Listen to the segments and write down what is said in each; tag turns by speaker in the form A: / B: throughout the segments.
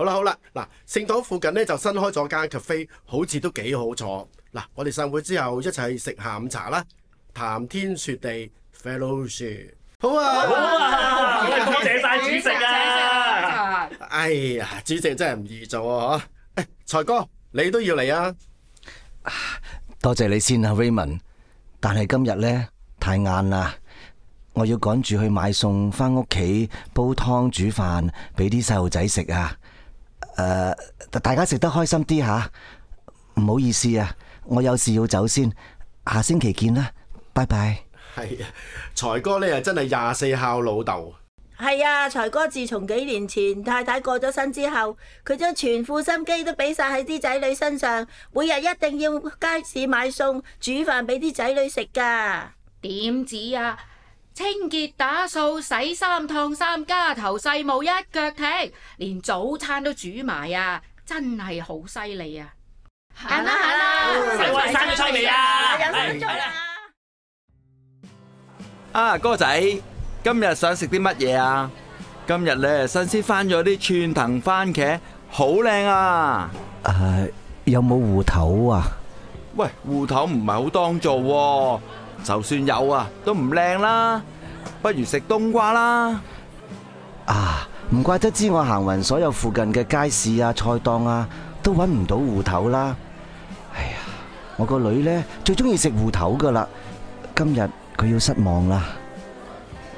A: 好啦，好啦，嗱，聖堂附近呢就新開咗間 cafe，好似都幾好坐。嗱，我哋散會之後一齊食下午茶啦，談天說地，fellowship，好，好，好，好，好、哎、啊，好啊，多
B: 謝晒主席啊！
A: 哎呀，主席真係唔易做啊！誒，財哥，你都要嚟啊？多謝你先啊，Raymond，
C: 但係今日呢，太晏啦，我要趕住去買餸，翻屋企煲湯煮飯俾啲細路仔食啊！誒、呃，大家食得開心啲吓，唔好意思啊，我有事要先走先，下星期
A: 見啦，拜拜。係、啊，財哥呢咧，真係廿四孝老豆。
B: 係啊，財哥自從幾年前太太過咗身之後，佢將全副心機都俾晒喺啲仔女身上，每日一定要街市買餸煮飯俾啲仔女
D: 食噶。點止啊？清潔打掃、洗衫燙衫、家頭細務一腳踢，連早餐都煮埋啊！真係好犀利啊！走啦走啦，生咗出嚟啊。啊，啊，啊，啊，啊，啊，啊，啊哥仔，今日想食啲乜嘢啊？今日咧，新鮮翻咗啲串藤番茄，好靚啊！
C: 誒、呃，有冇芋頭啊？
D: 喂，芋頭唔係好當造喎，就算有啊，都唔靚啦。不如食冬瓜啦！
C: 啊，唔怪得知我行匀所有附近嘅街市啊、菜檔啊，都揾唔到芋頭啦。哎呀，我個女呢，最中意食芋頭噶啦，今日佢要失望啦。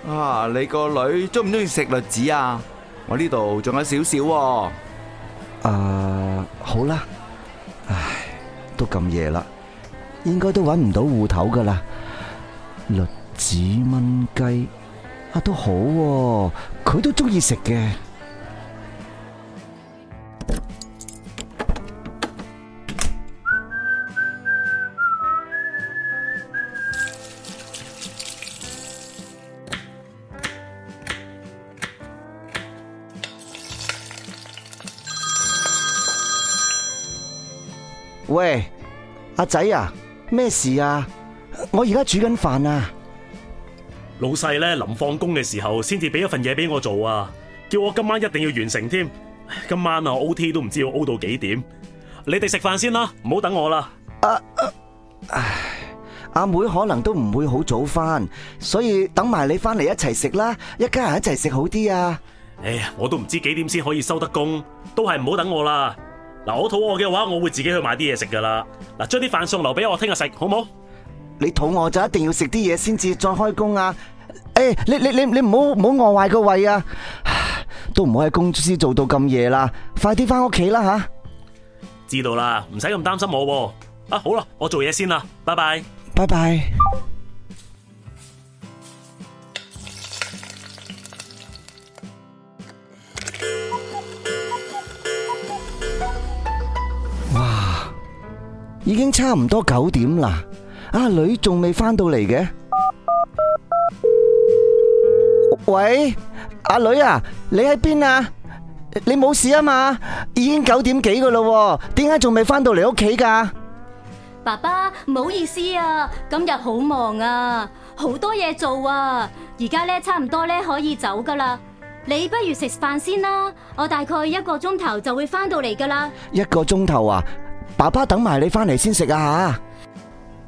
C: 啊，你個女中唔中意食栗子啊？我呢度仲有少少喎。啊，好啦。唉，都咁夜啦，應該都揾唔到芋頭噶啦。栗子炆雞啊，都好啊，佢都中意食嘅。喂，阿仔啊，咩事啊？我而家煮緊飯啊！
A: 老細咧，臨放工嘅時候先至俾一份嘢俾我做啊！叫我今晚一定要完成添。今晚啊，OT 都唔知要 O 到幾點？你哋食飯先啦，唔好等我啦。阿阿，唉，阿
C: 妹可能都唔會好早翻，所以等埋你翻嚟一齊食啦，一家人一齊食好
A: 啲啊！哎呀，我都唔知幾點先可以收得工，都係唔好等我啦。嗱，我肚餓嘅話，我會自己去買啲嘢食噶啦。嗱，將啲飯餸留俾我聽日食好冇？你
C: 肚餓就一定要食啲嘢先至再開工啊！誒，你你你你唔好唔好餓壞個胃啊！都唔好喺公司做到咁夜啦，快啲翻屋企啦吓！
A: 知道啦，唔使咁擔心我喎。啊，好啦，我做嘢先啦，拜拜，
C: 拜拜。哇，已經差唔多九點啦，阿女仲未翻到嚟嘅。喂，阿女啊，你喺邊啊？你冇事啊嘛？已經九點幾噶咯，點解仲未翻到嚟屋企噶？
B: 爸爸，唔好意思啊，今日好忙啊，好多嘢做啊，而家咧差唔多咧可以走噶啦。你不如食飯先啦，我大概一個鐘頭就會翻到嚟噶啦。
C: 一個鐘頭啊，爸爸等埋你翻嚟先食啊吓。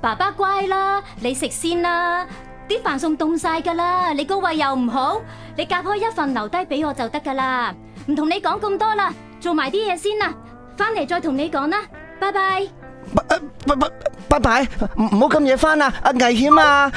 B: 爸爸乖啦，你食先啦。啲飯餸凍晒噶啦，你個胃又唔好，你隔開一份留低俾我就得噶啦，唔同你講咁多啦，做埋啲嘢先啦，翻嚟再同你講啦，拜拜。不不
C: 不不拜拜，唔唔好咁夜翻啊，啊危險啊！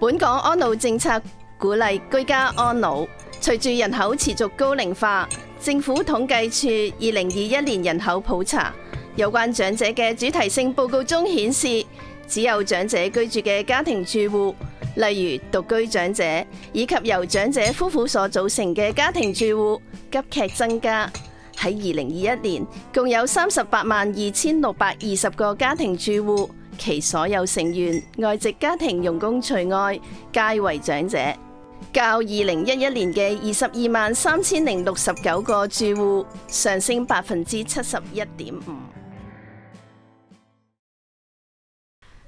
B: 本港安老政策鼓勵居家安老，隨住人口持續高齡化，政府統計處二零二一年人口普查，有關長者嘅主題性報告中顯示，只有長者居住嘅家庭住戶，例如獨居
C: 長者以及由長者夫婦所組成嘅家庭住戶，急劇增加。喺二零二一年，共有三十八萬二千六百二十個家庭住戶，其所有成員（外籍家庭傭工除外）皆為長者，較二零一一年嘅二十二萬三千零六十九個住
B: 戶上升百分之七十一點五。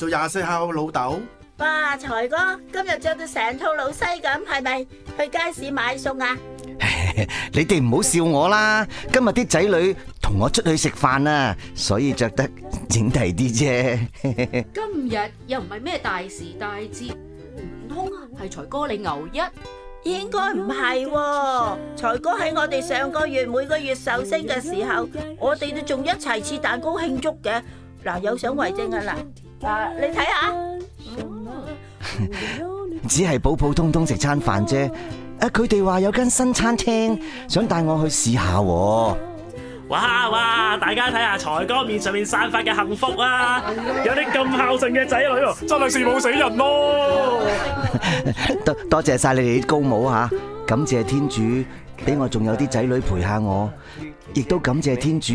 A: 做廿四孝老豆，
B: 哇！財哥今日着到成套老西咁，係咪去街市買餸啊？
C: 你哋唔好笑我啦！今日啲仔女同我出去食飯啊，所以着得整齊啲啫。
B: 今日又唔係咩大時大節，唔通係財哥你牛一？應該唔係喎，財哥喺我哋上個月每個月壽星嘅時候，我哋都仲一齊切蛋糕慶祝嘅。嗱，有相為證嘅喇。嗱，你睇下，
C: 只係普普通通食餐飯啫。佢哋話有間新餐廳，想帶我去試下。哇
A: 哇，大家睇下財哥面上面散發嘅幸福啊！有啲咁孝順嘅仔女喎，真係羨慕死人咯！
C: 多多謝晒你哋啲高帽吓，感謝天主俾我仲有啲仔女陪下我，亦都感謝天主。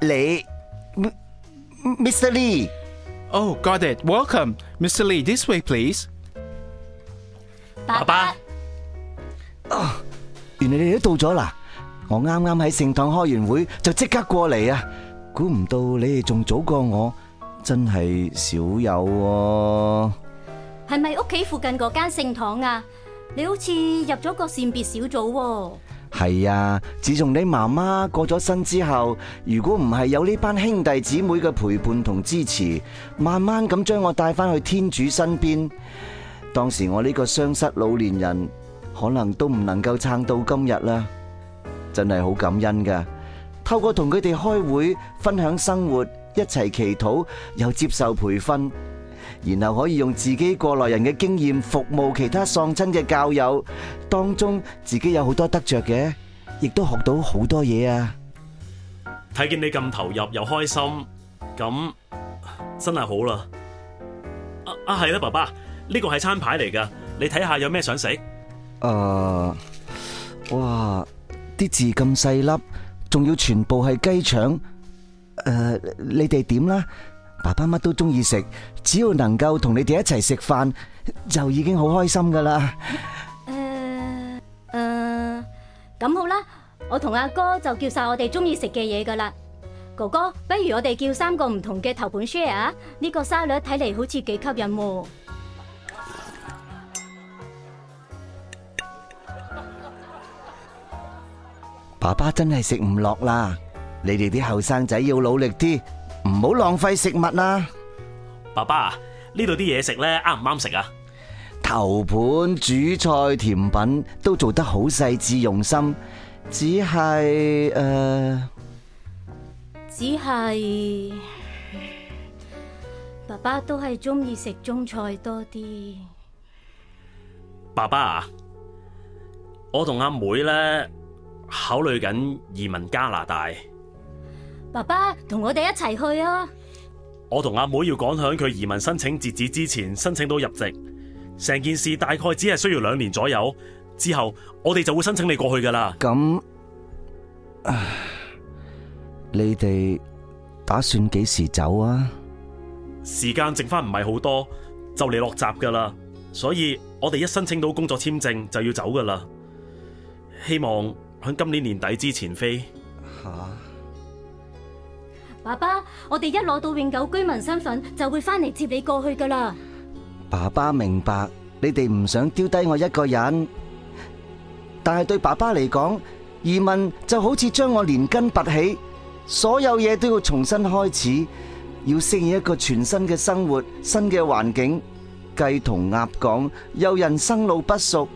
C: 李，Mr. Lee，哦，got
A: it，welcome，Mr. Lee，this way please。
B: 爸
A: 爸，
C: 哦，原來你哋都到咗啦，我啱啱喺聖堂開完會就即刻過嚟啊，估唔到你哋仲早過我，真係少有喎。
B: 係咪屋企附近嗰間聖堂啊？你好似入咗個善別小組喎。
C: 係啊！自從你媽媽過咗身之後，如果唔係有呢班兄弟姊妹嘅陪伴同支持，慢慢咁將我帶返去天主身邊，當時我呢個雙失老年人，可能都唔能夠撐到今日啦！真係好感恩噶透過同佢哋開會分享生活，一齊祈禱又接受培訓。然後可以用自己過來人嘅經驗服務其他喪親嘅教友，當中自己有好多得着嘅，亦都學到好多嘢啊！
A: 睇見你咁投入又開心，咁真係好啦！啊啊係啦，爸爸，呢個係餐牌嚟噶，你睇下有咩想食？
C: 啊、呃，哇，啲字咁細粒，仲要全部係雞腸，誒、呃，你哋點啦？爸爸乜都中意食，只要能夠同你哋一齊食飯，就已經好開心噶啦。
B: 誒誒，咁好啦，我同阿哥就叫晒我哋中意食嘅嘢噶啦。哥哥，不如我哋叫三個唔同嘅頭盤 share 啊？呢個沙律睇嚟好似幾吸引喎。
C: 爸爸真係食唔落啦，你哋啲後生仔要努力啲。唔好浪費食物啦，
A: 爸爸啊！呢度啲嘢食咧，啱唔啱食啊？
C: 頭盤、主菜、甜品都做得好細致用心，只係誒、呃，
B: 只係爸爸都係中意食中菜多啲。
A: 爸爸啊，我同阿妹咧考慮緊移民加拿大。
B: 爸爸同我哋一齊去啊！
A: 我同阿妹要趕響佢移民申請截止之前申請到入籍，成件事大概只係需要兩年左右。之後我哋就會申請你過去噶啦。咁，唉，
C: 你哋打算幾時走啊？
A: 時間剩翻唔係好多，就嚟落閘噶啦，所以我哋一申請到工作簽證就要走噶啦。希望喺今年年底之前飛。吓、啊！
B: 爸爸，我哋一攞到永久居民身份，就會翻嚟接你過去噶啦。
C: 爸爸明白你哋唔想丟低我一個人，但係對爸爸嚟講，移民就好似將我連根拔起，所有嘢都要重新開始，要適應一個全新嘅生活、新嘅環境。雞同鴨講，又人生路不熟。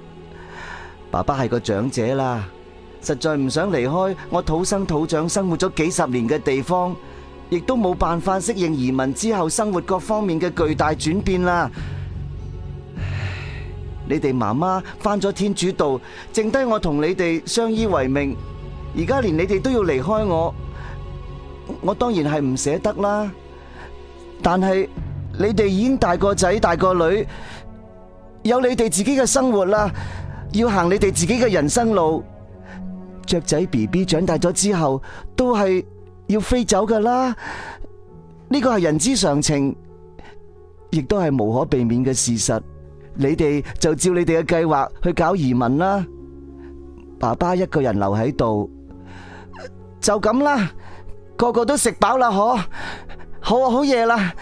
C: 爸爸係個長者啦，實在唔想離開我土生土長、生活咗幾十年嘅地方。亦都冇辦法適應移民之後生活各方面嘅巨大轉變啦。你哋媽媽返咗天主道，剩低我同你哋相依為命。而家連你哋都要離開我，我當然係唔捨得啦。但係你哋已經大個仔大個女，有你哋自己嘅生活啦，要行你哋自己嘅人生路。雀仔 BB 長大咗之後，都係。要飛走㗎啦，呢個係人之常情，亦都係無可避免嘅事實。你哋就照你哋嘅計劃去搞移民啦。爸爸一個人留喺度，就咁啦。個個都食飽啦？嗬，好呀，好夜啦，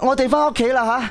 C: 我哋返屋企啦吓。